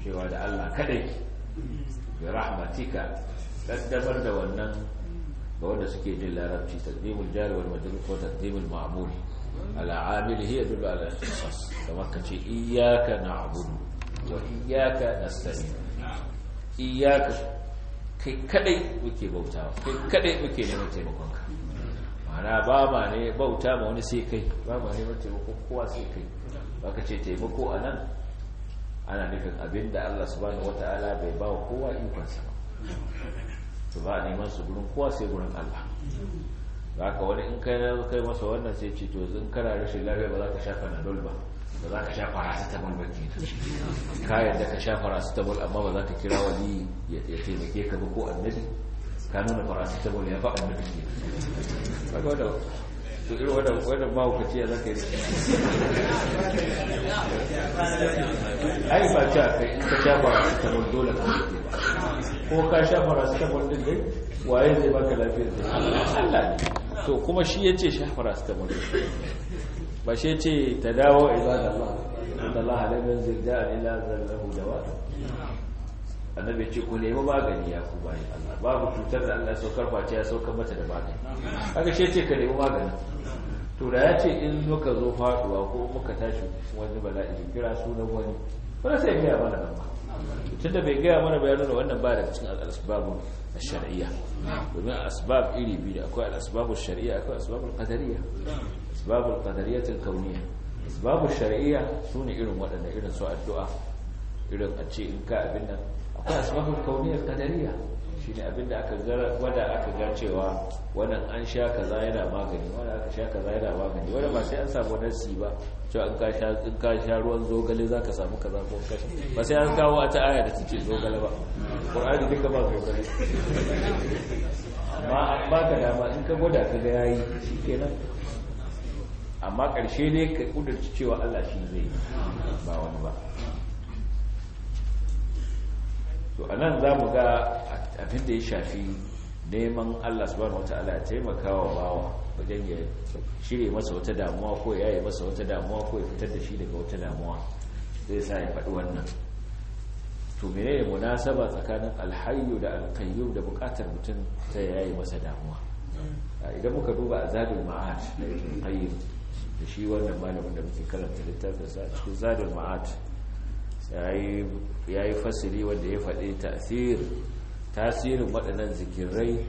cewa da Allah kadai bi rahmatika kaddamar da wannan ga wanda suke jin larabci taqdimul jari wal majrur ko taqdimul ma'mul al'amil hiya dullu ala ikhtisas kamar ka ce iyyaka na'budu wa iyyaka nasta'in iyyaka kai kadai muke bautawa kai kadai muke neman taimakon ka ma'ana ba ma ne bauta ma wani sai kai ba ma neman taimakon kowa sai kai ba ka ce taimako a nan ana nufin abin da Allah subhanahu wata'ala bai ba wa kowa ikonsa ba to ba neman su gurin kowa sai gurin Allah haka wani in kai na kai masa wannan sai ce to zan kana rashin lafiya ba za ka sha fanadol ba ba za ka shafa rasu ta ba ke ka yadda ka shafa rasu ta paracetamol amma ba za ka kira wani ya taimake ka ba ko annabi ka nuna ta paracetamol ya fa annabi ke kaga wanda to irin wanda wanda ba ku ciya za ka yi ai ba ta kai in ka sha paracetamol dole ka ko ka sha paracetamol din dai waye zai baka lafiya Allah ne to kuma shi ya ce sha paracetamol ba shi ya ce ta dawo ibadallah inda Allah halamin zirga ila zalahu dawa annabi ce ku nemi magani ya ku bayan Allah babu cutar da Allah saukar face ya saukar mata da magani haka shi ce ka nemi magani to da ya ce in muka zo faduwa ko muka tashi wani bala'i kira sunan wani ba sai ya gaya mana nan ba tunda bai gaya mana bayanin wannan ba da cikin al'asbabun الشرعية ومن أسباب إلي بي أكو الأسباب الشرعية أكو أسباب القدرية أسباب القدرية الكونية أسباب الشرعية سوني إلهم وأن إلهم سؤال دعاء إلهم أتشي إنكاء بنا أكو أسباب الكونية القدرية shine abinda aka wada aka ga cewa wannan an sha kaza yana magani wanda aka sha kaza yana magani wannan ba sai an samu nasi ba cewa an ka sha in ka sha ruwan zogale zaka samu kaza ko ka ba sai an kawo ta aya da take zogale ba qur'ani duka ba zogale amma ba ka dama in ka gwada ka ga yayi shikenan amma karshe ne ka kudurci cewa Allah shi zai ba wani ba to anan za mu ga a abin da ya shafi neman Allah subhanahu wataala ya taimaka wa bawa wajen ya shirye masa wata damuwa ko ya yi masa wata damuwa ko ya fitar da shi daga wata damuwa zai sa ya faɗi wannan to menene munasaba tsakanin alhayyu da alkayu da buƙatar mutum ta yi masa damuwa idan muka duba a zadin ma'at da ibn da shi wannan malamin da muke karanta littafin sa cikin zadin ma'at ya yi fasiri wanda ya faɗi ta'sir tasirin waɗannan zikirai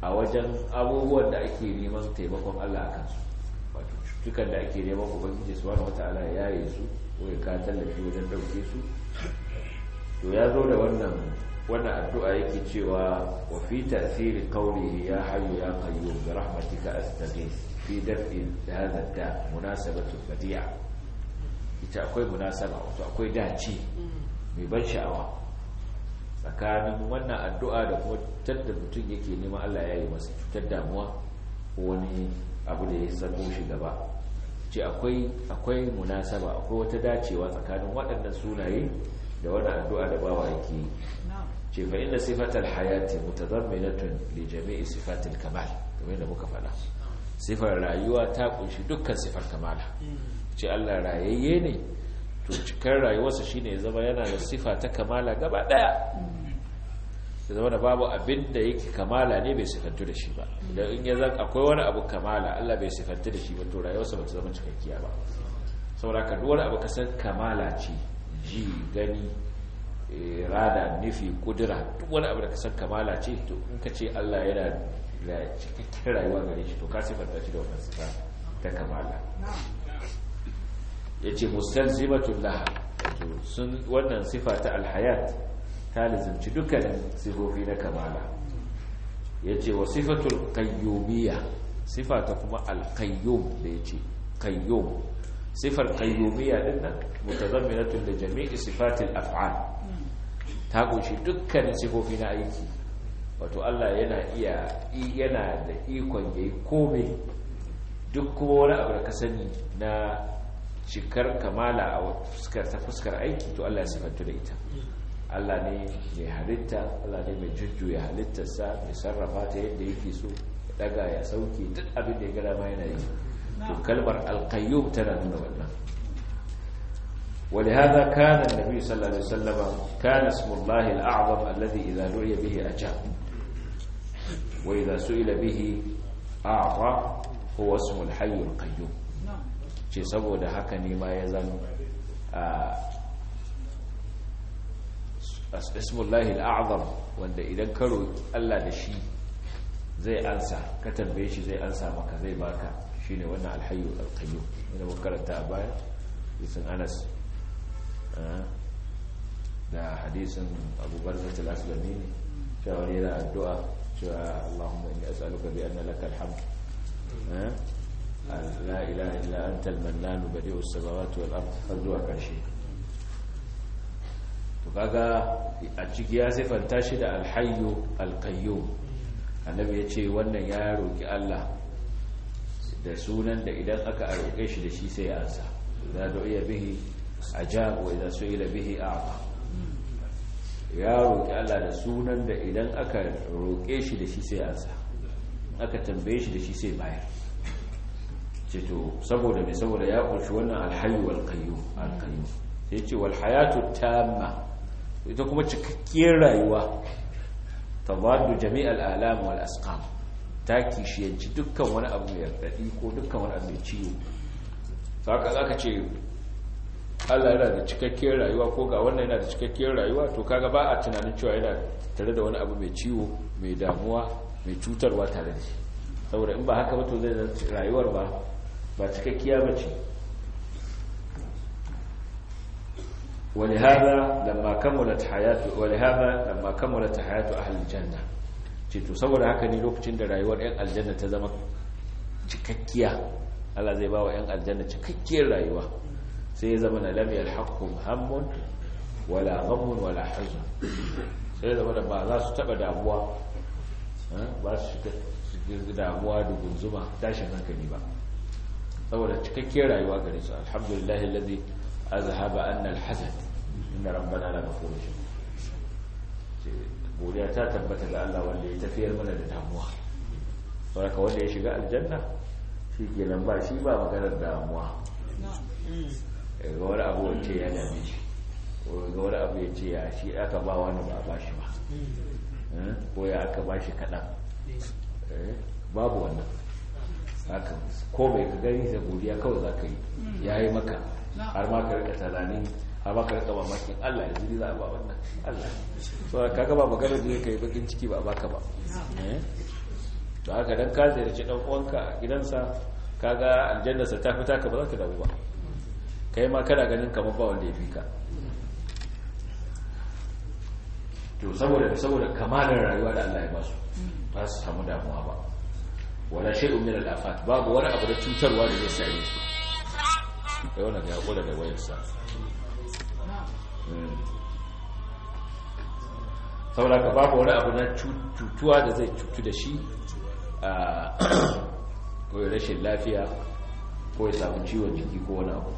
a wajen abubuwan da ake neman taimakon Allah a kansu wato cutukan da ake neman ubangiji su wani wata'ala ya yaye su ko ya ka tallafi wajen ɗauke su to ya zo da wannan wannan addu'a yake cewa wa fi tasiri kauli ya hayu ya kayo bi rahmatika astaghith fi daf'i hadha da munasabatu badi'a ita akwai munasaba wato akwai dace mai ban sha'awa tsakanin wannan addu'a da kuma cutar da mutum yake nema Allah ya yi masa cutar damuwa ko wani abu da ya sako shi gaba ce akwai munasaba akwai wata dacewa tsakanin waɗannan sunaye da wani addu'a da bawa yake yi ce fa inda sifatar hayati latin da jami'i sifatil kamal kamar yadda muka faɗa sifar rayuwa ta ƙunshi dukkan sifar kamala ce Allah rayayye ne to cikar rayuwarsa shi ya zama yana da sifa ta kamala gaba daya ya zama da babu abin da yake kamala ne bai sifantu da shi ba Da in ya zan akwai wani abu kamala Allah bai sifantu da shi ba to rayuwarsa ba ta zama cikakkiya ba saboda ka duk wani abu kasar kamala ce ji gani eh, rada, nufi kudura duk wani abu da kasar kamala ce to in ka ce Allah yana da cikakkiyar rayuwa gare shi to ka sifanta shi da wannan sifa ta kamala yace mustalzimatul laha sun wannan sifa ta alhayat ta lazimci dukkanin sifofi na kamala yace wa sifatul qayyumiyya sifa ta kuma alkayyom da yace kayyom sifar qayyumiyya din nan mutazamminatun li jami'i sifatil af'al ta kunshi dukkanin sifofi na aiki wato Allah yana iya yana da ikon yayi komai duk kuma wani abu da ka sani na cikar kamala a fuskar ta fuskar aiki to Allah ya sifantu da ita Allah ne mai halitta Allah ne mai jujjuya halittarsa mai sarrafa ta yadda yake so ya daga ya sauke duk abin da ya gada ma yana yi to kalmar alqayyum tana nuna wannan ولهذا كان النبي صلى الله عليه وسلم كان اسم الله الأعظم الذي إذا دعي به أجاب وإذا سئل به أعطى هو اسم الحي القيوم ce saboda haka ne ma ya zan ismullahi al'azam wanda idan karo Allah da shi zai ansa ka tambaye shi zai ansa maka zai baka shine wannan alhayu alqayyum ina makaranta a baya hadisin Anas da hadisin Abu Barzah al-Aslami ne cewa yana addu'a cewa Allahumma inni tsaluka biyar na lakal hamd la ilaha illa anta al-mannan badi'u as-samawati wal ard har zuwa karshe to kaga a ciki ya sifanta shi da al-hayyu al-qayyum annabi ya ce wannan ya roki Allah da sunan idan aka shi da shi sai ya bihi bihi ya roƙi Allah da sunan da idan aka roƙe shi da shi sai ansa aka tambaye shi da shi sai bayar ceto saboda mai saboda ya kunshi wannan alhayu wal sai ce walhayatu hayatu tamma ita kuma cikakkiyar rayuwa tawaddu jami'al alam wal asqam ta kishiyanci dukkan wani abu mai radadi ko dukkan wani abu mai ciwo saka ka ce Allah yana da cikakkiyar rayuwa ko ga wannan yana da cikakkiyar rayuwa to kaga ba a tunanin cewa yana tare da wani abu mai ciwo mai damuwa mai cutarwa tare da shi saboda in ba haka ba to zai rayuwar ba ba cikakkiya ba ce ولهذا da كملت ta hayatu a كملت حياته اهل to saboda haka ne lokacin da rayuwar yan aljanna ta zama cikakkiya ala zai ba wa yan aljanna cikakkiyar rayuwa sai ya zama na lamiyar yalhaqhum hammun wala ghammun wala hajji sai zama da ba za su taba damuwa ba su shiga damuwa da gunzuma tashin hankali ba saboda cikakkiyar rayuwa gare su alhamdulillah alladhi azhaba anna alhazan inna rabbana la ghafurur rahim godiya ta tabbata da Allah wanda ya tafiyar mana da damuwa saboda wanda ya shiga aljanna shi ke nan ba shi ba maganar damuwa ga wani abu wacce ya dame shi ga wani abu ya ce ya shi aka ba wani ba ba shi ba hmm. Hmm? ko ya aka ba shi kaɗan eh? babu wannan haka ko bai ka gani da godiya kawai za ka yi mm. ya yi maka har ma ka rika tunanin har ma ka rika mamakin Allah ya ne za a ba wannan Allah so ka ga ba magana da yake bakin ciki ba baka ba eh? to haka dan ka ziyarci dan uwanka a gidansa ka ga aljannarsa ta fita ka ba za ka dawo ba kai ma kana ganin kamar ba wanda ya fi ka to saboda saboda kamalar rayuwa da Allah ya basu ba su samu damuwa ba wala shay'un min al babu wani abu da cutarwa da zai same su sai wannan ya kula da wayarsa hmm. saboda ka babu wani abu na cutuwa da zai cutu da shi ko ya rashin lafiya ko ya samu ciwon jiki ko wani abu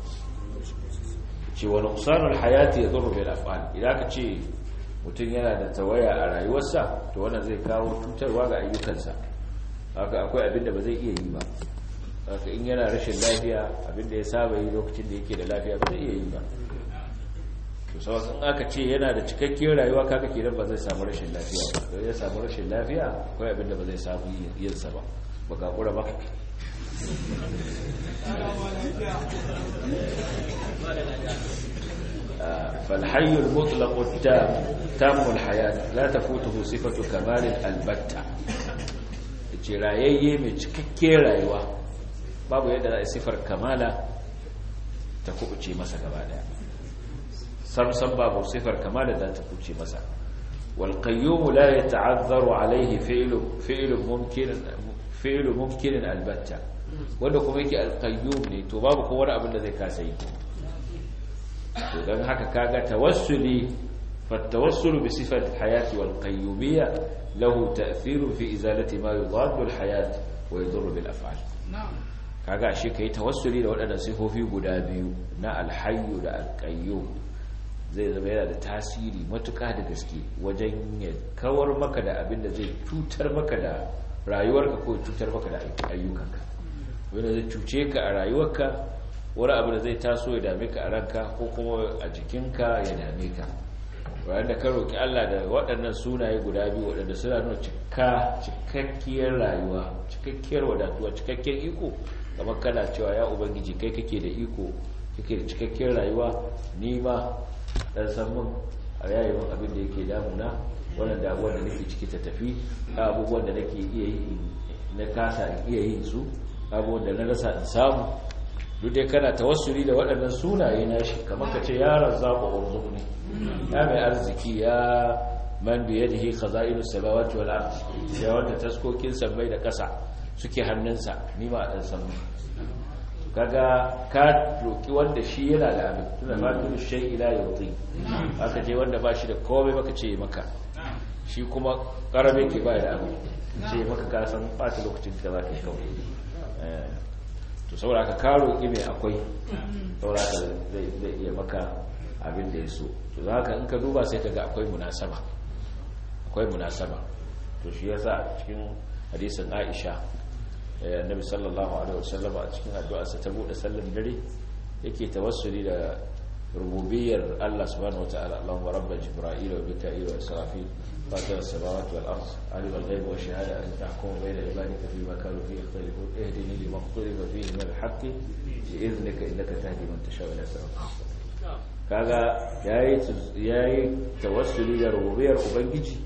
ce wani usarar hayati ya zurru bai af'al idan ka ce mutum yana da tawaya a rayuwarsa to wannan zai kawo cutarwa ga ayyukansa haka akwai abin da ba zai iya yi ba haka in yana rashin lafiya abin da ya saba yi lokacin da yake da lafiya ba zai iya yi ba to sau in aka ce yana da cikakkiyar rayuwa kaka kenan ba zai samu rashin lafiya ba don ya samu rashin lafiya akwai abin da ba zai samu yinsa ba ba kura ba فالحي المطلق التام تام الحياة لا تفوته صفة كمال البتة ce rayayye mai cikakke rayuwa babu yadda za a sifar kamala ta kubuce masa gaba daya samsan babu sifar kamala za ta kubuce masa والقيوم la ya ta'azzaru alaihi fiilu ممكن فعل wanda kuma yake alqayyum ne to babu ko abin da zai kasa yi to dan haka kaga tawassuli فالتوسل بصفة الحياة والقيومية له تأثير في إزالة ما يضاد الحياة ويضر بالأفعال نعم kaga ashe kai tawassuli da waɗanda sifofi guda biyu na alhayu da zai zama yana da tasiri matuka da gaske wajen ya kawar maka da abin da zai cutar maka da rayuwarka ko cutar maka da ayyukanka wanda zai cuce ka a rayuwarka wani abin da zai taso ya dame ka a ranka ko kuma a jikinka ya dame ka bayan da ka roƙi Allah da waɗannan sunaye guda biyu waɗanda suna nuna cika cikakkiyar rayuwa cikakkiyar wadatuwa cikakkiyar iko kamar kana cewa ya ubangiji kai kake da iko kake da cikakkiyar rayuwa ni ma dan san mun a yayi mun abin da yake damuna wannan damuwar da nake ciki ta tafi abubuwan da nake iya yi na kasa iya yin su abubuwan da na rasa in samu duk dai kana tawassuli da waɗannan sunaye nashi kamar ka ce yaron zaɓa urzuqni ya mai arziki ya man da biyadihi khaza'inu samawati wal ard ya wanda taskokin sammai da kasa suke hannunsa ni ma dan samu kaga ka roki wanda shi yana da abin tunda ma kullu ila la yuti aka ce wanda ba shi da komai baka ce maka shi kuma karabe ke ba da abin ce maka ka san ba ta lokacin da ba ka yi kawai eh. to saboda ka roki mai akwai saboda zai iya maka abin da ya so to za ka in ka duba sai ka ga akwai munasaba akwai munasaba to shi yasa cikin hadisin Aisha eh, annabi sallallahu alaihi wasallam a cikin sa ta bude sallar dare yake tawassuli da rububiyyar Allah subhanahu wataala Allahumma rabb jibril wa mika'il wa israfil samawati wal alim al wa shahada anta tahkum bayna ibadika fima kanu fihi ikhtalifun ihdini liman ikhtalifa fihi min al-haqqi bi idhnika innaka tahdi man tasha'u ila kaga yayi tawassuli da rububiyar ubangiji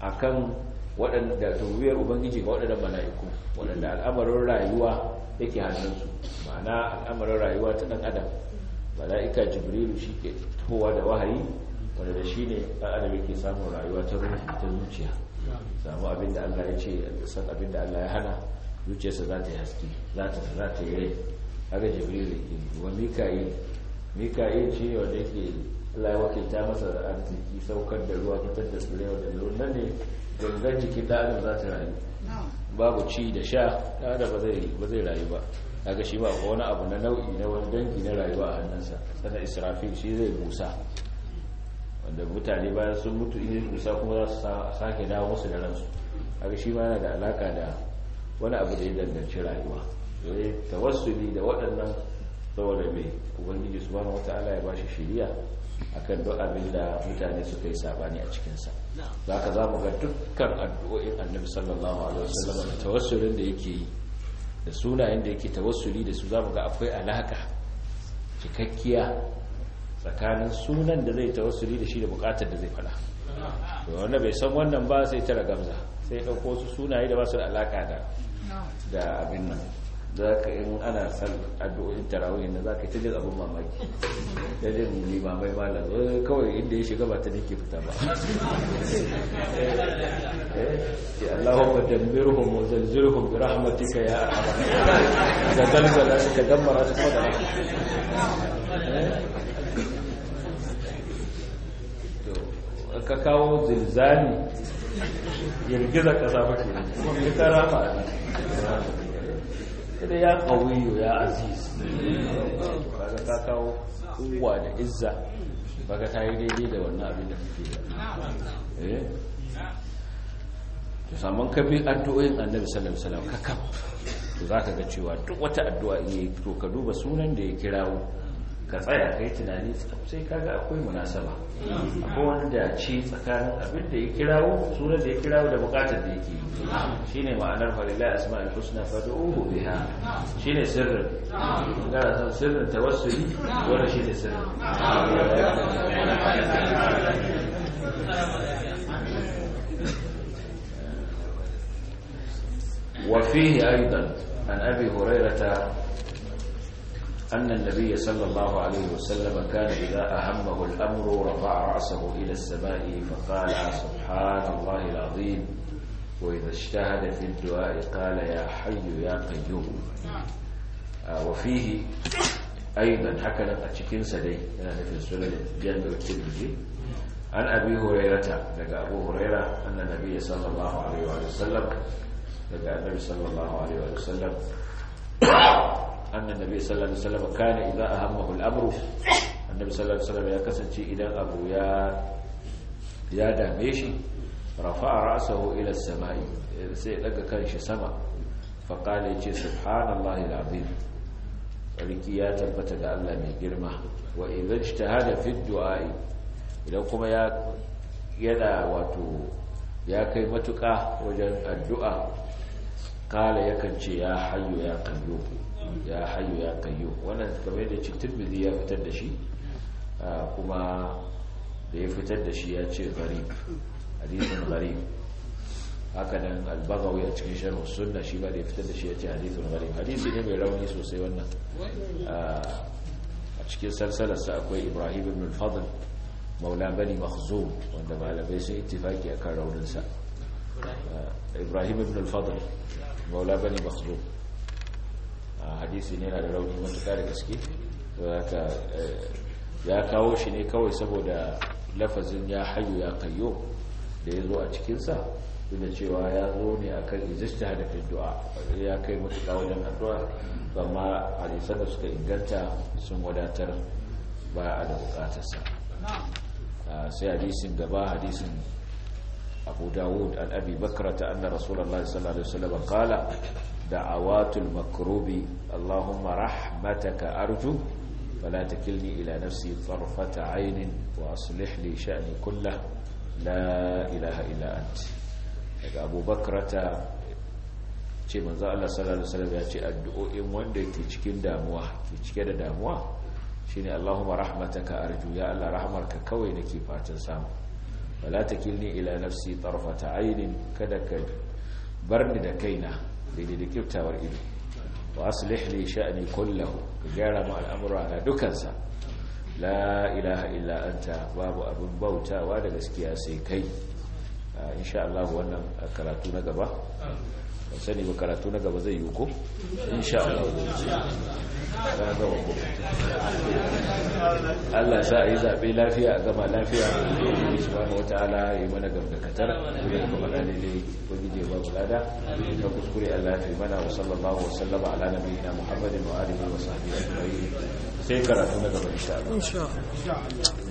akan waɗanda rububiyar ubangiji ga waɗanda mala'iku waɗanda al'amarin rayuwa yake hannunsu ma'ana al'amarin rayuwa ta ɗan adam mala'ika jibrilu shi ke towa da wahayi wanda da shi ne ɗan adam yake samun rayuwa ta ta zuciya samu abin da allah ya ce san abin da allah ya hana zuciyarsa za ta yi haske za ta yi rai haka jibrilu wa mika'il mika'il shi ne wanda yake Allah ya ta masa da arziki saukar da ruwa fitar da tsirai da ruwan nan ne gangan jikin da za ta rayu babu ci da sha da ba zai rayu ba daga shi ba wani abu na nau'i na wani dangi na rayuwa a hannunsa sana israfil shi zai busa wanda mutane bayan sun mutu in busa kuma za su sake dawo musu da ransu daga shi ba yana da alaka da wani abu da ya danganci rayuwa wasu eh, tawassuli da waɗannan saboda mai ubangiji su wata ala ya bashi shiriya akan duk abin da mutane suka yi sabani a cikinsa za ka za mu ga dukkan addu'o'in annabi sallallahu alaihi wasallam da tawassulin da yake yi da sunayen da yake tawassuli da su za mu ga akwai alaka cikakkiya tsakanin sunan da zai tawassuli da shi da bukatar da zai fada to wanda bai san wannan ba sai tara gamza sai ɗauko su sunaye da ba su da alaka da abin nan za ka in ana san addu'o'in tarawih na za ka ta jin abin mamaki ta jin limamai malam eh, kawai inda ya shiga ba ta nake fita ba ya eh, eh, Allahumma dabbirhum wa zalzilhum bi rahmatika ya arhamar da zalzala su ka dammara su fada ka kawo zilzali girgiza ne kuma ke ta rama sai dai ya ƙawiyo ya aziz kaga ka kawo kowa da izza kaga ta yi daidai da wannan abin da kake da eh saman ka bi addu'o'in annabi sallallahu alaihi wasallam ka kaf to ka ga cewa duk wata addu'a iya yi to ka duba sunan da ya kirawo ka tsaya ka yi tunani sai kaga akwai munasaba akwai wanda da ce tsakanin abin da ya kirawo suna da ya kirawo da bukatar da yake shi ne ma'anar falilai asma al na fada uhu biha shi ne sirrin gara san sirrin yi wanda shi ne sirrin وفيه an abi أبي هريرة أن النبي صلى الله عليه وسلم كان إذا أهمه الأمر رفع رأسه إلى السماء فقال سبحان الله العظيم وإذا اجتهد في الدعاء قال يا حي يا قيوم آه، وفيه أيضا حكى لك أتشكين سدي آه، في سنن الجامع الترمذي عن أبي هريرة لقى أبو هريرة أن النبي صلى الله عليه وسلم لقى النبي صلى الله عليه وسلم annan nabi sallallahu alaihi wasallam kana idza ahammahu al-amru annabi sallallahu alaihi wasallam ya kasance idan abu ya ya dame shi rafa'a ra'sahu ila as-sama'i sai daga kanshi sama fa qala yace subhanallahi al-azim riki ya tabbata ga Allah mai girma wa idza ijtahada fi du'a'i idan kuma ya yana wato ya kai matuƙa wajen addu'a kala yakan ce ya hayyu ya qayyum ya hayu ya kayyo wannan kamar da cikin tirmidhi ya fitar da shi uh, kuma da ya fitar da shi ya ce gharib hadithun gharib haka nan albagawi a cikin shanu sunna shi ba da ya fitar da shi ya ce hadithun gharib hadisi ne mai rauni sosai wannan uh, a cikin salsalarsa akwai ibrahim ibn fadl maula bani makhzum wanda malamai sun ittifaki akan rauninsa ibrahim uh, ibn fadl maula bani hadisi ne na da rauni matuka da gaske eh, ya kawo shi ne kawai saboda lafazin ya hayo ya kayo da ya zo a cikinsa duk cewa ya zo ne a kan izista da du'a ya kai matuka wajen addu'a amma hadisan da suka inganta sun wadatar ba a da buƙatarsa sai hadisin gaba hadisin abu dawud al abi bakra ta anna rasulallah sallallahu alaihi wasallam kala da'awatul makrubi Allahumma rahmataka arju fala takilni ila nafsi tarfata aynin wa aslih li sha'ni kullah la ilaha illa anti daga ce manzo Allah sallallahu alaihi wasallam ya ce addu'o'in wanda yake cikin damuwa ke cike da damuwa shine Allahumma rahmataka arju ya Allah rahmarka kawai nake fatan samu wala takilni ila nafsi tarfata aynin kada ka barni da kaina daidai da kyautawar ido wa aslih li sha'ni kullahu ka gyara mu al'amura na dukansa la ilaha illa anta babu abin bautawa da gaskiya sai kai ah, insha Allah wannan karatu na gaba sani ba karatu na gaba zai yi ko insha Allah Allah sa a yi zaɓe lafiya a gama lafiya a subhanahu wata ala ya yi mana gamdakatar da kuma ɗane ne wani je babu lada ta kuskure Allah ya fi mana wa sallallahu wa sallama ala nabi na muhammadin wa alihi wa sahbihi sai karatu na gaba insha Allah